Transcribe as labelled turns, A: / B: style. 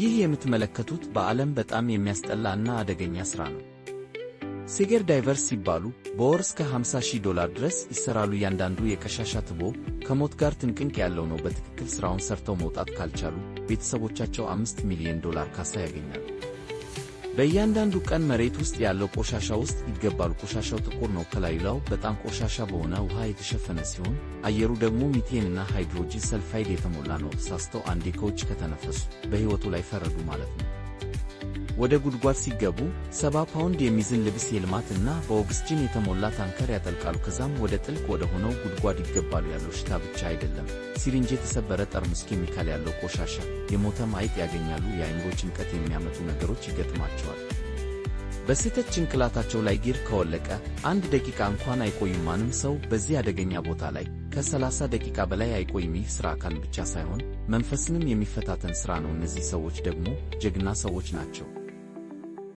A: ይህ የምትመለከቱት በዓለም በጣም የሚያስጠላ እና አደገኛ ሥራ ነው። ሴገር ዳይቨርስ ሲባሉ በወር እስከ 50 ሺህ ዶላር ድረስ ይሠራሉ። እያንዳንዱ የቀሻሻ ትቦ ከሞት ጋር ትንቅንቅ ያለው ነው። በትክክል ሥራውን ሠርተው መውጣት ካልቻሉ ቤተሰቦቻቸው አምስት ሚሊዮን ዶላር ካሳ ያገኛሉ። በእያንዳንዱ ቀን መሬት ውስጥ ያለው ቆሻሻ ውስጥ ይገባሉ። ቆሻሻው ጥቁር ነው፣ ከላይላው በጣም ቆሻሻ በሆነ ውሃ የተሸፈነ ሲሆን አየሩ ደግሞ ሚቴንና ሃይድሮጂን ሰልፋይድ የተሞላ ነው። ተሳስተው አንዴ ከውጭ ከተነፈሱ በሕይወቱ ላይ ፈረዱ ማለት ነው። ወደ ጉድጓድ ሲገቡ ሰባ ፓውንድ የሚዝን ልብስ የልማትና በኦክስጅን የተሞላ ታንከር ያጠልቃሉ። ከዛም ወደ ጥልቅ ወደ ሆነው ጉድጓድ ይገባሉ። ያለው ሽታ ብቻ አይደለም፣ ሲሪንጅ፣ የተሰበረ ጠርሙስ፣ ኬሚካል ያለው ቆሻሻ፣ የሞተ ማየት ያገኛሉ። የአይምሮ ጭንቀት የሚያመጡ ነገሮች ይገጥማቸዋል። በስህተት ጭንቅላታቸው ላይ ጊር ከወለቀ አንድ ደቂቃ እንኳን አይቆይም ማንም ሰው በዚህ አደገኛ ቦታ ላይ ከ30 ደቂቃ በላይ አይቆይም። ይህ ሥራ አካል ብቻ ሳይሆን መንፈስንም የሚፈታተን ሥራ ነው። እነዚህ ሰዎች ደግሞ ጀግና ሰዎች ናቸው።